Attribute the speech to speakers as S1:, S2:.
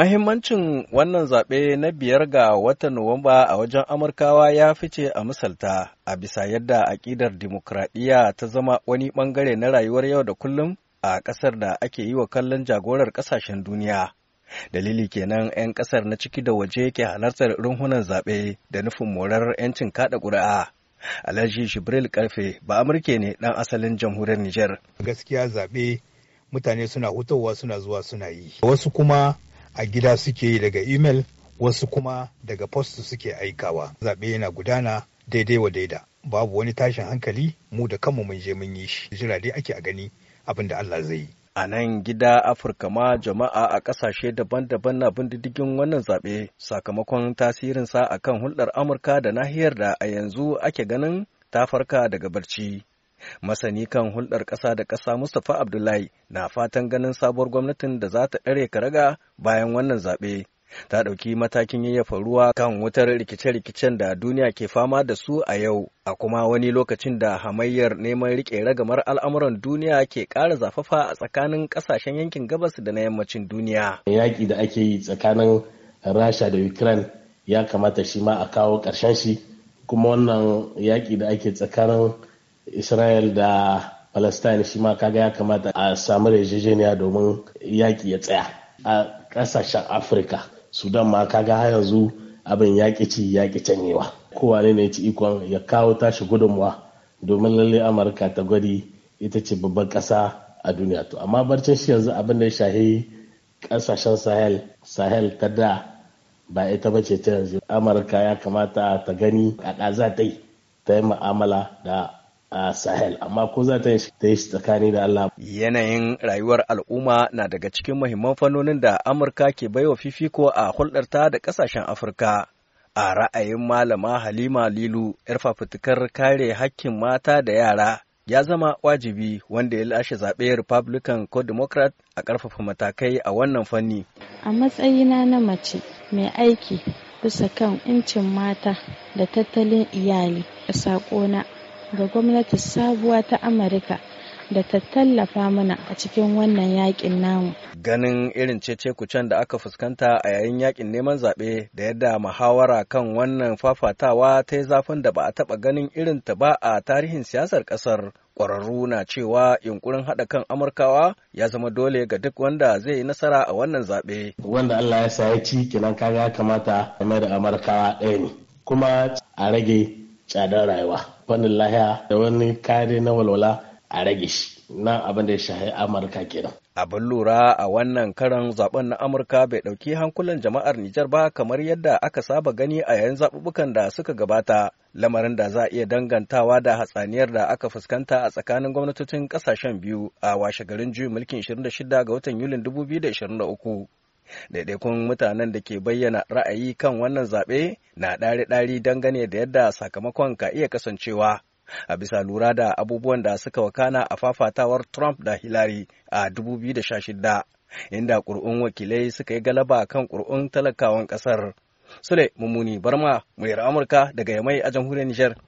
S1: Mahimmancin wannan zaɓe na biyar ga watan Nuwamba a wajen Amurkawa ya fice a misalta a bisa yadda aƙidar dimokuraɗiyya ta zama wani ɓangare na rayuwar yau da kullum a ƙasar da ake yi wa kallon jagorar ƙasashen duniya. Dalili kenan 'yan ƙasar na ciki da waje ke halartar runhunan zaɓe da nufin morar 'yancin kaɗa ƙuri'a. Alhaji Shibril Karfe ba Amurke ne ɗan asalin jamhuriyar Nijar. Gaskiya zaɓe mutane suna hutowa suna zuwa suna yi.
S2: Wasu kuma
S1: a gida suke yi daga imel wasu kuma daga post suke aikawa zaɓe yana gudana daidai wa daida babu wani tashin hankali mu da kanmu mun je mun yi shi jira dai ake a gani abin da Allah zai yi a nan gida afirka ma jama'a a ƙasashe daban-daban na bin diddigin wannan zaɓe sakamakon tasirinsa akan hulɗar amurka da nahiyar da a yanzu ake ganin ta farka daga barci Masani kan hulɗar ƙasa da ƙasa Mustapha Abdullahi na fatan ganin sabuwar gwamnatin da za ta ɗare raga bayan wannan zaɓe. Ta ɗauki matakin yayyafa ruwa kan wutar rikice-rikicen da duniya ke fama da su a yau, a kuma wani lokacin da hamayyar neman riƙe ragamar al'amuran duniya ke ƙara zafafa a tsakanin ƙasashen yankin gabas da na yammacin duniya.
S2: Yaƙi da ake yi tsakanin Rasha da Ukraine ya kamata shi ma a kawo ƙarshen shi, kuma wannan yaƙi da ake tsakanin Israel da Palestine shi ma kaga ya kamata a samu yarjejeniya domin yaƙi ya tsaya a ƙasashen Afirka. Sudan ma kaga har yanzu abin yaƙi ci yaƙi canyewa. Kowane ne ci ikon ya kawo tashi gudunmuwa domin lalle Amurka ta gwadi ita ce babban ƙasa a duniya to amma barcin shi yanzu abin da ya shahi ƙasashen Sahel Sahel ta da ba ita ba ce ta yanzu Amurka ya kamata ta gani a ɗaza ta yi ta yi mu'amala da a Sahel amma ko za ta yi shi tsakani da Allah.
S1: Yanayin rayuwar al'umma na daga cikin muhimman fannonin da Amurka ke baiwa fifiko a hulɗarta da ƙasashen Afirka. A ra'ayin Malama Halima Lilu, 'yar fafutukar kare hakkin mata da yara ya zama wajibi wanda ya lashe zaɓe Republican ko Democrat a ƙarfafa matakai a wannan fanni. A matsayina na mace mai aiki bisa kan incin mata da tattalin iyali, saƙona ga gwamnati sabuwa ta amurka da ta tallafa mana a cikin wannan yakin namu. Ganin irin cece kucen da aka fuskanta a yayin yakin neman zaɓe da yadda muhawara kan wannan fafatawa ta yi zafin da ba a taɓa ganin irin ta ba a tarihin siyasar ƙasar. Ƙwararru na cewa yunkurin haɗa kan Amurkawa ya zama dole ga duk wanda zai yi nasara a wannan zaɓe. Wanda Allah ya sa ya
S2: ci kinan kaga ya kamata game da Amurkawa ɗaya ne, kuma a rage tsadar rayuwa. fannin lahiya da wani kare na walwala a rage shi na abin da ya shahi amurka kenan abin lura a wannan karan zaben na amurka
S1: bai ɗauki hankulan jama'ar nijar ba kamar yadda aka saba gani a yayin zaɓuɓɓukan da suka gabata lamarin da za a iya dangantawa da hatsaniyar da aka fuskanta a tsakanin gwamnatocin ƙasashen biyu a washe garin juyin mulkin 26 ga watan yulin 2023 Daidaikun mutanen da ke bayyana ra'ayi kan wannan zaɓe na ɗari-ɗari dangane da yadda sakamakon ka iya kasancewa. A bisa lura da abubuwan da suka wakana a fafatawar Trump da Hillary a 2016, inda ƙuri'un wakilai suka yi galaba kan ƙuri'un talakawan ƙasar. Sule Mummuni Barma, muryar Amurka daga Yamai a jamhuriyar Nijar.